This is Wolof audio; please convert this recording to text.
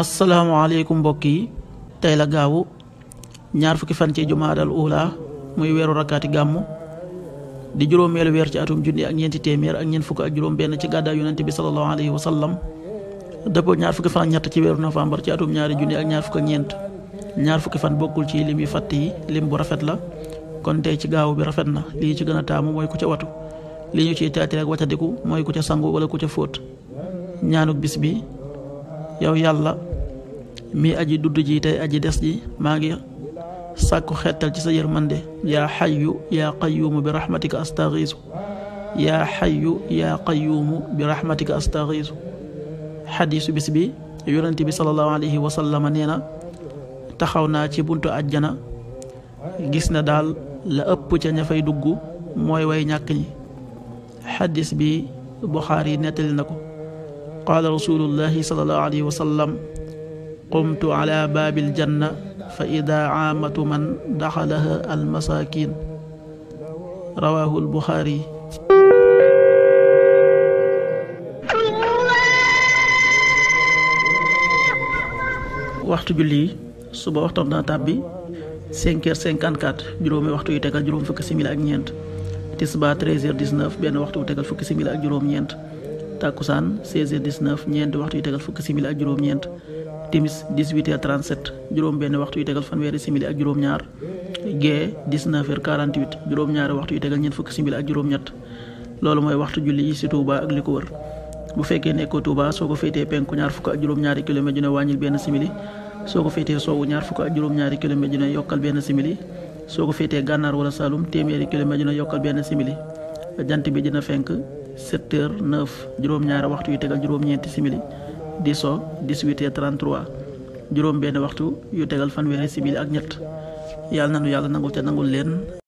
asalaamaaleykum mbokk yi tey la gaawu ñaar fukki fan ci jumaadal uula muy weeru rakkaati gàmmu di juróomeelu weer ci atum junni ak ñeenti téeméer ak ñeent fukk ak juróom ci gàddaay yonente bi salallahu alayhi wa sallam dëppoo ñaar fukki fan ak ñett ci weeru novembre ci atum ñaari junni ak ñaar ñeent ñaar fukki fan bokkul ci lim yu fàtt yi lim bu rafet la kon tey ci gaawu bi rafet na li ñu ci gën a taamu mooy ku ca watu li ñu ciy taati rek waccandiku mooy ku ca sangu wala ku ca fóot ñaanuk bis bi yow yàlla mi aj dudd ji tey aji des ji maa ngi sàkku xettal ci sa yërmande yaa xayu yaa qayuumu bi rahmatika astaxiisu yaa xayu yaa qayuumu bi rahmatika astaxiisu xadiisu bis bi yonent bi sallallahu alayhi wa sallam na taxaw naa ci buntu àjjana gis na daal la ëpp ca ña fay dugg mooy way ñàkk ñi xadiis bi Buxaari nettali na ko qaala rasulullahi sallallahu alayhi wa sallam qumtu ala baabil janna fa ida aamatu man daxalaha almasaakin rawaahu albuxaari waxtu julli suba waxtoom dana tàbbi cinq heures cinquante-quatre juróomi waxtu yu tegal juróom fukki simili ak ñeent tisbaar treize heures dix-neuf benn waxtu wu tegal fukki simili ak juróom ñeent takkusaan 16h19 ñeenti waxtu yu tegal fukki simili ak juróom-ñeent timis 18h37 juróom-benn waxtu yu tegal fanweeri simili ak juróom-ñaar gee 19h48 juróom-ñaari waxtu yu tegal ñeent fukki simili ak juróom-ñett loolu mooy waxtu julli yi ci Touba ak li ko wër bu fekkee nekkoo Touba soo ko féetee penku ñaar fukk ak juróom-ñaari kilomètre ju ne wàññil benn simili soo ko féetee soowu ñaar fukk ak juróom-ñaari kilomètre ju ne yokkal benn simili soo ko féetee gànnaar wala Saloum téeméeri kilomètre ju ne yokkal benn simili jant bi dina sept heures neuf juróom-ñaari waxtu yu tegal juróom-ñeenti simili di so dix-huit heures trois juróom benn waxtu yu tegal fanweeri simili ak ñett yal na nu yàlla nangul te nangul leen